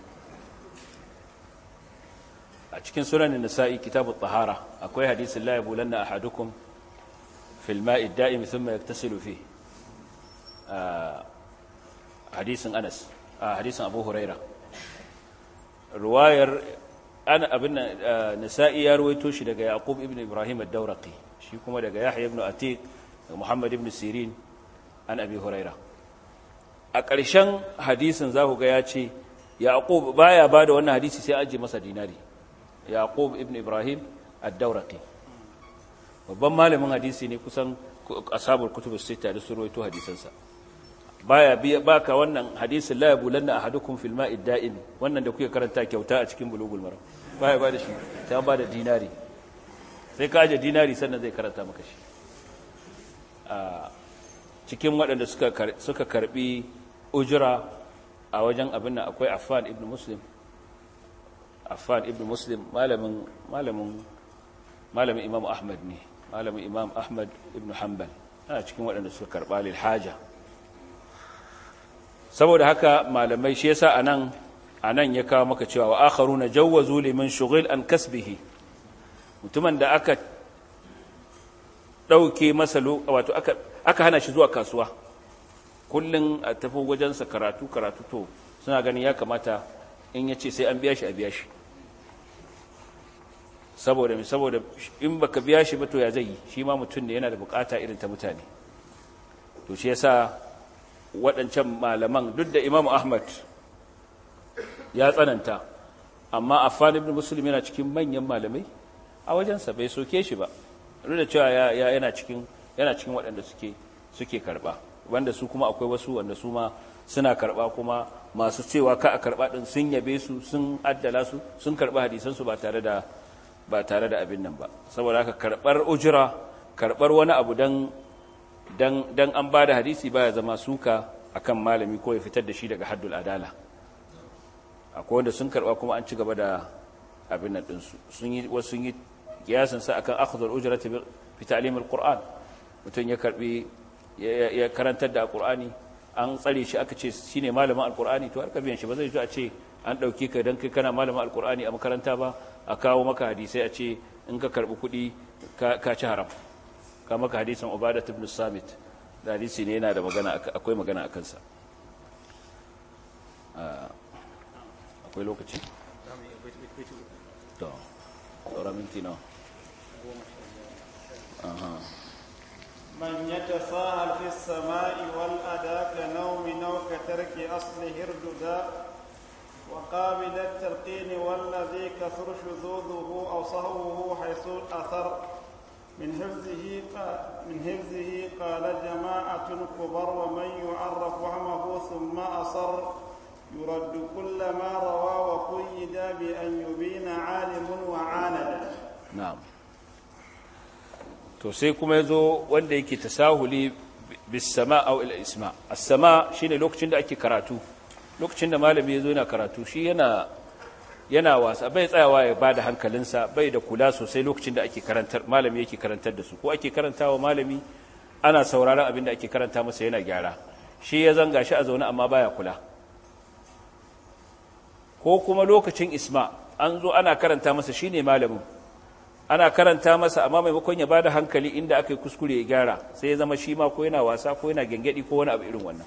a cikin sunan nisa'i kitabu tahara akwai hadisin la yabulanna ahadukum fil ma'i da'im thumma yaktasilu fi hadisin Anas Abu Huraira ruwayar an abin nisa'i ya ruwaito shi daga Yaqub ibn Ibrahim ad-Dawraqi shi kuma daga yahya ibn atiq da muhammad ibn sirin an abi huraira a ƙarshen hadisin za ku ga ya ce yaqub baya ba da wannan hadisi sai aje masa dinari yaqub ibn ibrahim ad-dauraqi babban malamin hadisi ne kusan ashabul kutubus sita da surwaito hadisansa baya biya baka wannan hadisin la yabulanna ahadukum fil ma'i da'im wannan da kuke karanta kyauta a cikin bulugul maram baya ba da shi ta ba da dinari sai ka aje dinari sannan zai karanta maka shi a cikin waɗanda suka karbi ujira a wajen abin nan akwai affan ibn muslim affan ibn muslim malamin malamin malamin imam ahmad ne malamin imam ahmad ibn hanbal ana cikin waɗanda suka karɓa lil haja saboda haka malamai shi yasa anan anan ya kawo maka cewa wa akharuna jawwazu liman shughil an kasbihi mutumin da aka ɗauke masa wato aka hana shi zuwa kasuwa kullum a tafi wajensa karatu karatu to suna ganin ya kamata in ya ce sai an biya shi a biya shi saboda mai saboda in baka biya shi ba to ya zai yi shi ma mutum ne yana da bukata irin ta mutane to shi yasa waɗancan malaman duk da imamu ahmad ya tsananta amma affan ibn muslim yana cikin manyan malamai a wajensa bai soke shi ba duk da cewa yana cikin yana cikin waɗanda suke suke karɓa wanda su kuma akwai wasu wanda su ma suna karɓa kuma masu cewa ka a karɓa ɗin sun yabe su sun addala su sun karɓa hadisansu ba tare da ba tare da abin nan ba saboda haka karɓar ujira karɓar wani abu dan dan dan an ba da hadisi baya zama suka akan malami ko ya fitar da shi daga haddul adala akwai wanda sun karɓa kuma an ci gaba da abin nan ɗinsu sun yi wasu yi kiyasin akan akhdhul ujrati bi ta'lim alquran mutun ya karbi ya karantar da alqurani an tsare shi aka ce shine malamin alqurani to har ka biyan shi ba zai zo a ce an dauke ka dan kai kana malamin alqurani a makaranta ba a kawo maka hadisi a ce in ka karbi kudi ka ci haram ka maka hadisin ubadat ibn samit da hadisi ne yana da magana akwai magana akan sa ah, akwai lokaci to minti nawa من يتساهل في السماء والأداء كنوم أو كترك أصله ارددا وقابل التلقين والذي كثر شذوذه أو صهوه حيث الأثر من حفظه من حفظه قال جماعة كبر ومن يعرف وهمه ثم أصر يرد كل ما روى وقيد بأن يبين عالم وعاند نعم to sai kuma ya zo wanda yake tasahuli bisama au ila isma as-sama shine lokacin da ake karatu lokacin da malami ya zo yana karatu shi yana yana wasa bai tsayawa ya bada hankalinsa bai da kula sosai lokacin da ake karantar malami yake karantar da su ko ake karantawa malami ana sauraron abin da ake karanta masa yana gyara shi ya zanga shi a zaune amma baya kula ko kuma lokacin isma an zo ana karanta masa shine malamin ana karanta masa amma maimakon ya bada hankali inda aka yi kuskure ya gyara sai ya zama shi ma ko yana wasa ko yana gengedi ko wani abu irin wannan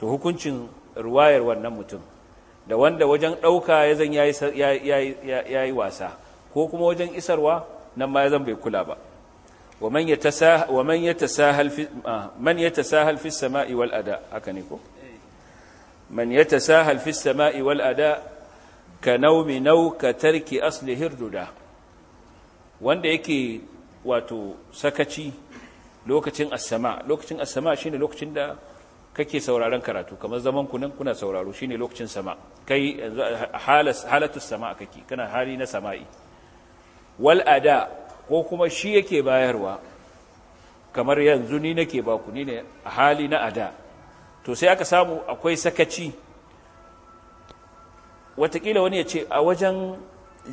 to hukuncin ruwayar wannan mutum da wanda wajen ɗauka ya zan ya yi wasa ko kuma wajen isarwa nan ma ya zan bai kula ba ومن يتساهل ومن يتساهل في من يتساهل في السماء والاداء هكنيكو من يتساهل في السماء wanda yake wato sakaci lokacin asama lokacin asama shine lokacin da kake sauraron karatu kamar zaman ku nan kuna sauraro shine lokacin sama kai halatus sama kake kana hali na sama'i wal ada ko kuma shi yake bayarwa kamar yanzu ni nake baku ni ne a hali na ada to sai aka samu akwai sakaci watakila wani ya ce a wajen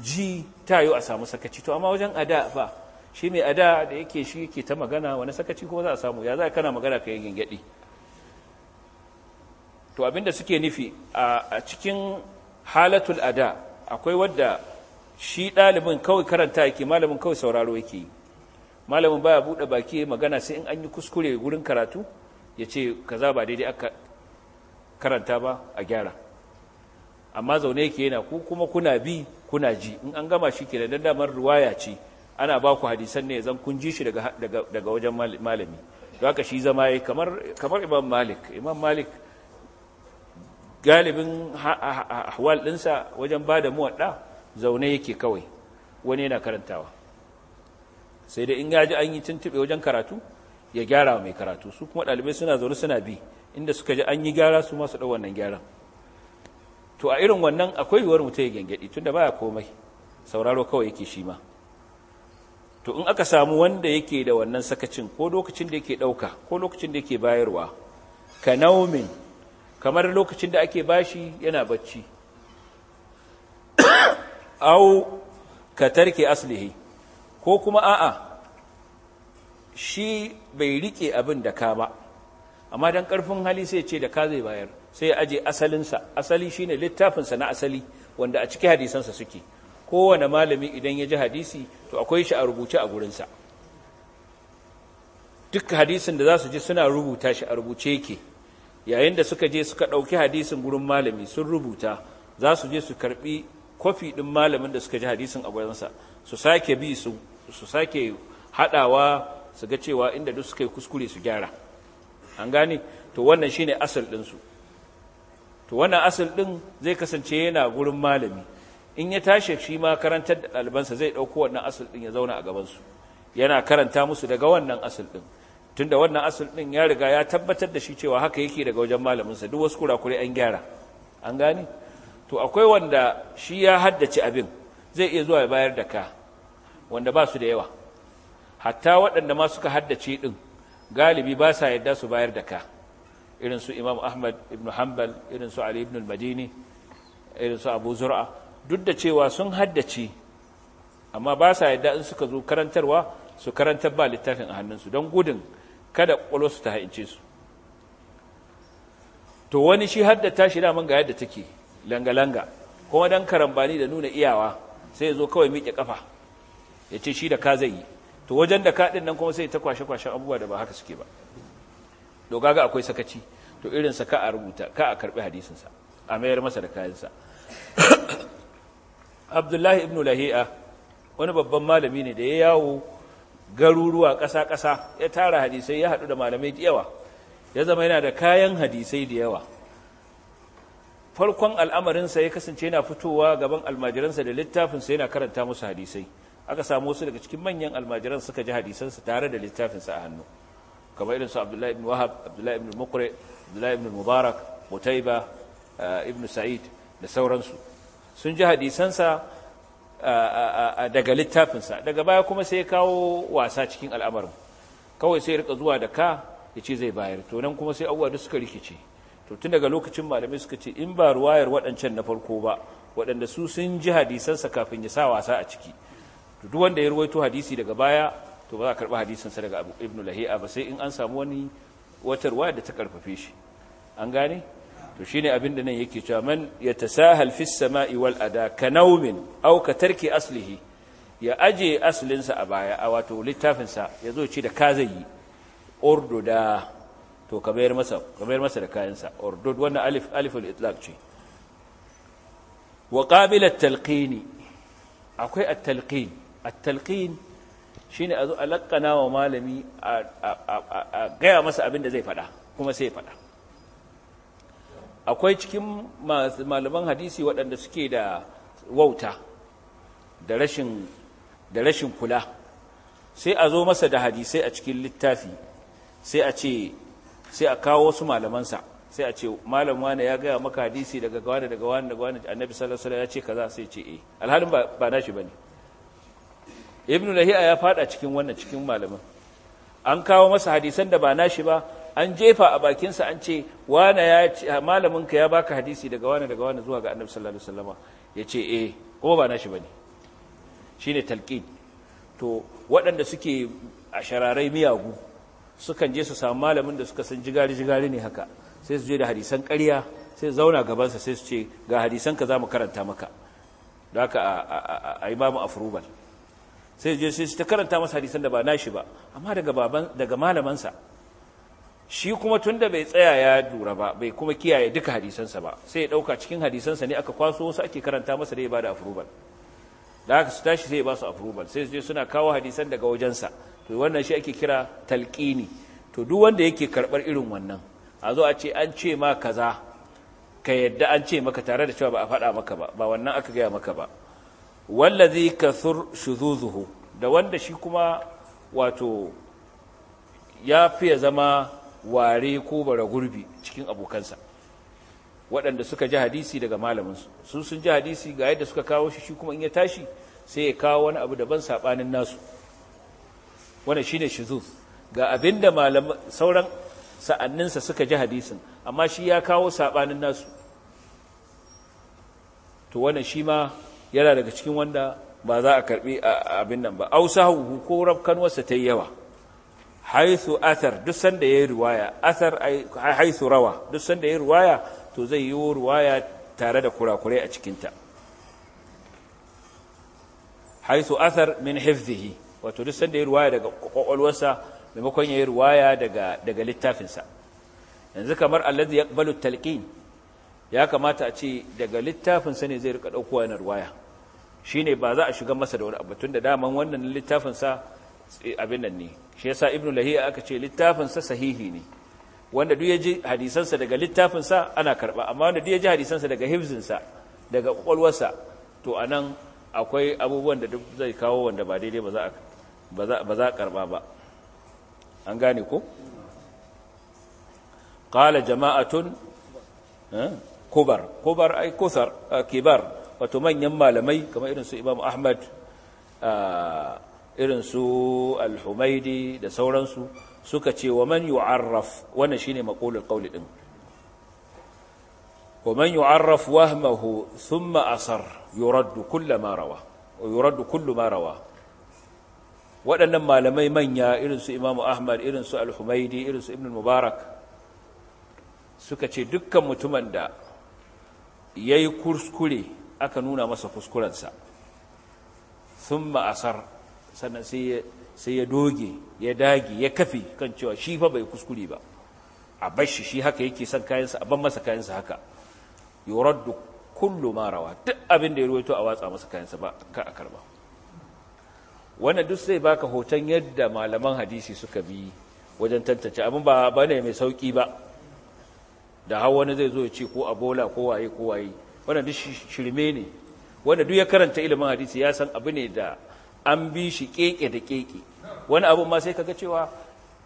ji ta yiwu a samu sakaci to amma wajen ada fa shi mai ada da yake shi yake ta magana wani sakaci kuma za a samu ya za kana magana ka yi gingadi to abinda suke nufi a cikin halatul ada akwai wadda shi ɗalibin kawai karanta yake malamin kawai sauraro yake yi malamin baya buɗe baki magana sai in an yi kuskure wurin karatu ya ce kaza ba daidai aka karanta ba a gyara amma zaune yake yana ku kuma kuna bi kuna ji in an gama shi kenan dan damar ya ce ana ba ku hadisan ne zan kun ji shi daga daga wajen malami don haka shi zama yayi kamar kamar Imam Malik Imam Malik galibin ahwal dinsa wajen bada muwadda zaune yake kawai wani yana karantawa sai da in gaji an yi tuntube wajen karatu ya gyara mai karatu su kuma ɗalibai suna zaune suna bi inda suka ji an yi gyara su masu ɗau wannan gyaran to a irin wannan akwai yiwuwar mutum ya gyangyaɗi tun da baya komai sauraro kawai yake shi ma to in aka samu wanda yake da wannan sakacin ko lokacin da yake ɗauka ko lokacin da yake bayarwa ka naumin kamar lokacin da ake bashi yana bacci au ka tarke aslihi ko kuma a'a shi bai rike abin da ka ba amma don ƙarfin hali sai ce da ka zai bayar sai aje asalinsa asali shine littafinsa na asali wanda a ciki hadisansa suke kowane malami idan ya ji hadisi to akwai shi a rubuce a gurinsa duk hadisin da za su ji suna rubuta shi a rubuce yake yayin da suka je suka ɗauki hadisin gurin malami sun rubuta za su je su karɓi kwafi ɗin malamin da suka ji hadisin a gurinsa su sake bi su sake haɗawa su ga cewa inda duk suka yi kuskure su gyara an gane to wannan shine asal su. to wannan asal din zai kasance yana gurin malami in ya tashi shi ma karantar da ɗalibansa zai ɗauko wannan asal din ya zauna a gabansu yana karanta musu daga wannan asal din tunda wannan asal din ya riga ya tabbatar da shi cewa haka yake daga wajen malaminsa duk wasu kurakure an gyara an gane to akwai wanda shi ya haddace abin zai iya zuwa ya bayar da ka wanda ba su da yawa hatta waɗanda ma suka haddace ɗin galibi ba sa yadda su bayar da ka irin su imam ahmad ibn hanbal irin su ali ibn al-madini irin su abu zur'a duk da cewa sun haddace amma ba sa yadda in suka zo karantarwa su karantar ba littafin a hannunsu don gudun kada su ta haince su to wani shi haddata shi daman ga yadda take langa-langa kuma don karambani da nuna iyawa sai ya zo kawai miƙe kafa ya ce shi da ka zai yi to wajen da kaɗin nan kuma sai ta kwashe-kwashen abubuwa da ba haka suke ba to ga akwai sakaci to irin saka ka a rubuta ka a karbi hadisinsa, sa a mayar masa da kayansa. Abdullahi ibn Lahi'a wani babban malami ne da ya yawo garuruwa ƙasa-ƙasa ya tara hadisai ya haɗu da malamai da yawa ya zama yana da kayan hadisai da yawa farkon al'amarinsa ya kasance yana fitowa gaban almajiransa da littafinsa yana karanta musu hadisai aka samu wasu daga cikin manyan almajiran suka ji hadisansa tare da littafinsa a hannu kamar irin su abdullahi ibn wahab abdullahi ibn muqri abdullahi ibn mubarak mutaiba ibn sa'id da sauransu sun ji hadisansa daga littafinsa daga baya kuma sai ya kawo wasa cikin al'amarin kawai sai rika zuwa da ka ya ce zai bayar to nan kuma sai abubuwa duk suka rikice to tun daga lokacin malamai suka ce in ba ruwayar waɗancan na farko ba waɗanda su sun ji hadisansa kafin ya sa wasa a ciki duk wanda ya ruwaito hadisi daga baya to ba za a karɓi hadisin sa daga ibnu lahiya ba sai in an samu wani watar waya da ta karfafe shi an gane to shine abin da nan yake cewa man yatasahal fis sama'i wal ada ka naumin aw ka tarki aslihi ya aje aslin a baya a wato littafin sa zo ci da kazayi ordo da to ka bayar masa ka bayar masa da kayan sa ordo wannan alif aliful itlaq ce wa qabila at-talqini akwai at-talqin at-talqin shine a zo a lakana wa malami a gaya masa abin da zai faɗa kuma sai faɗa akwai cikin malaman hadisi waɗanda suke da wauta da rashin kula sai a zo masa da hadisai a cikin littafi sai a ce sai a kawo wasu malamansa sai a ce malam wane ya gaya maka hadisi daga gawane daga wane daga wane annabi sallallahu alaihi wasallam ya ce kaza sai ce eh alhalin ba nashi bane ibnu lahiya ya fada cikin wannan cikin malamin an kawo masa hadisan da ba nashi ba an jefa a bakinsa an ce wane ya malamin ka ya baka hadisi daga wane daga wane zuwa ga annabi sallallahu alaihi wasallama yace eh kuma ba nashi bane shine talqin to waɗanda suke a shararai miyagu sukan je su samu malamin da suka san jigari jigari ne haka sai su je da hadisan ƙarya sai zauna gabansa sai su ce ga hadisan ka za mu karanta maka da haka a yi afrubal sai je sai ta karanta masa hadisan da ba nashi ba amma daga baban daga malamansa shi kuma tunda bai tsaya ya dura ba bai kuma kiyaye duka hadisansa ba sai ya dauka cikin hadisansa ne aka kwaso wasu ake karanta masa da ya bada approval da aka su tashi sai ya ba su approval sai su je suna kawo hadisan daga wajensa to wannan shi ake kira talqini to duk wanda yake karbar irin wannan a zo a ce an ce ma kaza ka yadda an ce maka tare da cewa ba a faɗa maka ba ba wannan aka gaya maka ba wallazi kathur shuzuzuhu da wanda shi kuma wato ya fi ya zama ware ko bara gurbi cikin abokansa waɗanda suka ji hadisi daga malaminsu sun sun ji hadisi ga yadda suka kawo shi shi kuma in ya tashi sai ya kawo wani abu daban saɓanin nasu wanda shi ne shizuz ga abin da sauran sa'anninsa suka ji hadisin amma shi ya kawo saɓanin nasu to wannan shi ma yana daga cikin wanda ba za a karbi abin nan ba ausahu ko rafkanwarsa ta yawa haithu athar duk sanda athar haithu rawa duk sanda to zai yi riwaya tare da kurakurai a cikinta haithu athar min hifzihi wato duk sanda daga kwakwalwarsa maimakon yayi riwaya daga daga littafinsa yanzu kamar allazi yaqbalu talqin ya kamata a ce daga littafin sa ne zai rika dauko yana ruwaya shine ba za a shiga masa da wani abu tun da daman wannan littafin sa eh, abin nan ne shi yasa ibnu lahiya aka ce littafin sa sahihi ne wanda duk yaji hadisan sa daga littafin sa ana karba amma wanda duk ya hadisan sa daga hifzin sa daga kwakwalwarsa to anan akwai abubuwan da duk zai kawo wanda ba daidai ba za a ba za karba ba an gane ko qala jama'atun eh? kubar kubar ai kusar kibar wato manyan malamai kamar irin su Imam Ahmad irin su Al-Humaidi da sauransu suka ce wa man yu'arraf wannan shine maqulul qawli din wa man yu'arraf wahmahu thumma asar yurad kullama rawa yurad kullu ma rawa waɗannan malamai manya irin su imamu ahmad irin su al-humaidi irin su ibn mubarak suka ce dukkan mutumin da ya yi kuskure aka nuna masa kuskurensa sun ma'asar sannan sai ya doge ya dage ya kafe kan cewa shi fa bai kuskure ba a bashi shi haka yake san kayansa a ban masa kayansa haka da kullum marawa duk abin da ya ruwaito a watsa masa kayansa ba ka a karba wannan duk sai baka hoton yadda malaman hadisi suka bi wajen tantance abin ba ne mai sauki ba da har wani zai zo ya ce ko abola ko waye ko waye wannan duk shirme ne wanda duk ya karanta ilimin hadisi ya san abu ne da an bi shi keke da keke wani abu ma sai kaga cewa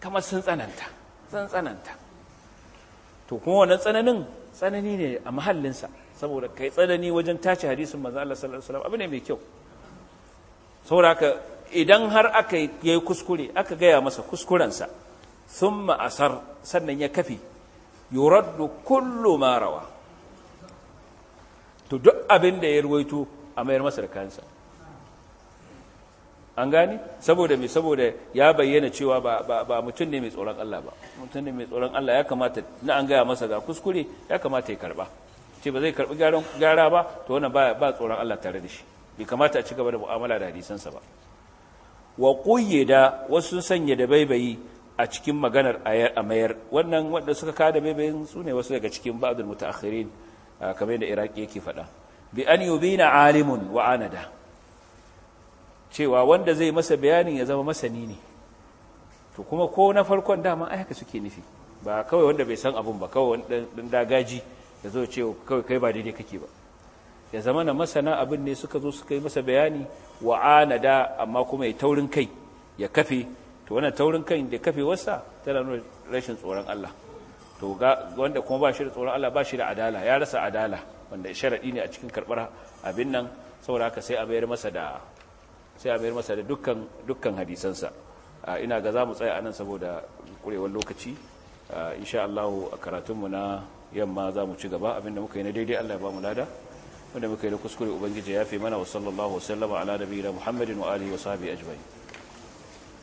kamar sun tsananta sun tsananta to kuma wannan tsananin tsanani ne a sa saboda kai tsanani wajen tace hadisin manzo Allah sallallahu alaihi wasallam abu ne mai kyau saboda haka idan har aka yi kuskure aka gaya masa kuskuren sa thumma asar sannan ya kafi yuraddu kullu ma rawa to duk abin da ya ruwaito a mayar masa da kansa an gani saboda mai saboda ya bayyana cewa ba mutum ne mai tsoron Allah ba mutum ne mai tsoron Allah ya kamata na an gaya masa ga kuskure ya kamata ya karba ce ba zai karbi gyara ba to wannan ba tsoron Allah tare da shi bai kamata a ci gaba da mu'amala da hadisansa ba wa da wasu sanya da baibayi a cikin maganar a mayar wannan wanda suka kada bebeyin su ne wasu daga cikin ba'adul mutaakhirin kamar da iraki yake faɗa bi an yubina alimun wa anada cewa wanda zai masa bayanin ya zama masani ne to kuma ko na farkon dama ai haka suke nufi ba kawai wanda bai san abun ba kawai dan dagaji ya zo ce kawai kai ba daidai kake ba ya zama na masana abin ne suka zo suka yi masa bayani wa anada amma kuma ya taurin kai ya kafe to wannan taurin kan da wasa tana nuna rashin tsoron Allah to ga wanda kuma ba shi da tsoron Allah ba shi da adala ya rasa adala wanda sharadi ne a cikin karbar abin nan saboda haka sai a bayar masa da sai a bayar masa da dukkan dukkan hadisansa ina ga zamu tsaya anan saboda kurewar lokaci insha Allah a karatunmu na yamma zamu ci gaba abinda muka yi na daidai Allah ya ba mu lada wanda muka yi da kuskure ubangiji ya fi mana wa sallallahu wasallama ala nabiyina muhammadin wa alihi wa sahbihi ajma'in